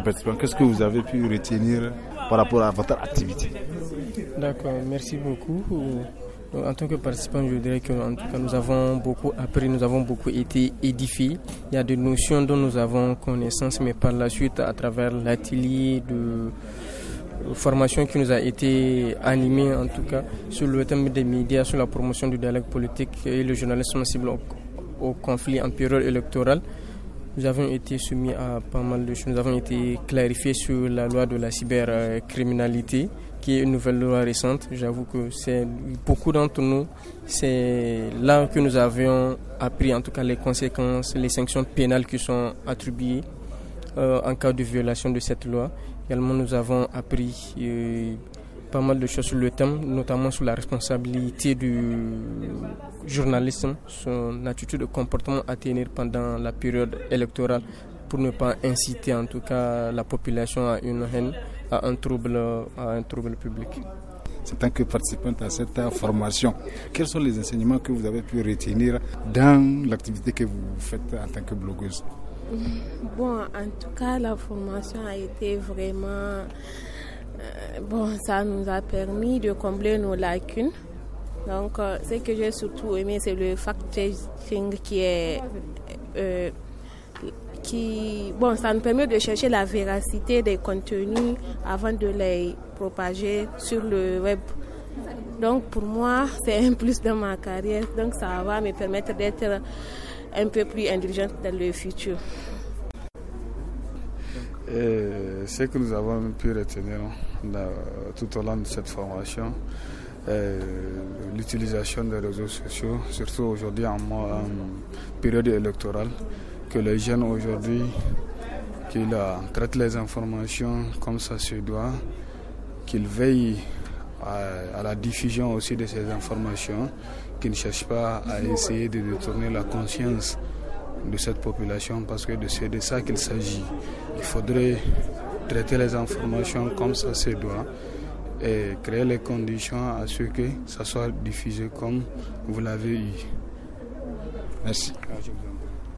que qu'est-ce que vous avez pu retenir par rapport à votre activité D'accord, merci beaucoup. Euh, en tant que participant, je dirais que nous avons beaucoup appris, nous avons beaucoup été édifiés. Il y a des notions dont nous avons connaissance, mais par la suite, à travers l'atelier de euh, formation qui nous a été animé, en tout cas, sur le thème des médias, sur la promotion du dialogue politique et le journalisme sensible au, au conflit impérial électoral. Nous avons été soumis à pas mal de choses. Nous avons été clarifiés sur la loi de la cybercriminalité, qui est une nouvelle loi récente. J'avoue que c'est beaucoup d'entre nous, c'est là que nous avions appris en tout cas les conséquences, les sanctions pénales qui sont attribuées euh, en cas de violation de cette loi. Également, nous avons appris euh, pas mal de choses sur le thème, notamment sur la responsabilité du journalisme, son attitude de comportement à tenir pendant la période électorale pour ne pas inciter en tout cas la population à une haine, à un trouble, à un trouble public. C'est tant que participante à cette formation, quels sont les enseignements que vous avez pu retenir dans l'activité que vous faites en tant que blogueuse Bon, en tout cas, la formation a été vraiment euh, bon, ça nous a permis de combler nos lacunes. Donc, euh, ce que j'ai surtout aimé, c'est le fact-checking qui est. Euh, qui, bon, ça nous permet de chercher la véracité des contenus avant de les propager sur le web. Donc, pour moi, c'est un plus dans ma carrière. Donc, ça va me permettre d'être un peu plus intelligente dans le futur. Et ce que nous avons pu retenir hein, tout au long de cette formation, l'utilisation des réseaux sociaux, surtout aujourd'hui en, période électorale, que les jeunes aujourd'hui qu'ils traitent les informations comme ça se doit, qu'ils veillent à, la diffusion aussi de ces informations, qu'ils ne cherchent pas à essayer de détourner la conscience de cette population parce que c'est de ça qu'il s'agit. Il faudrait traiter les informations comme ça se doit et créer les conditions à ce que ça soit diffusé comme vous l'avez eu. Merci.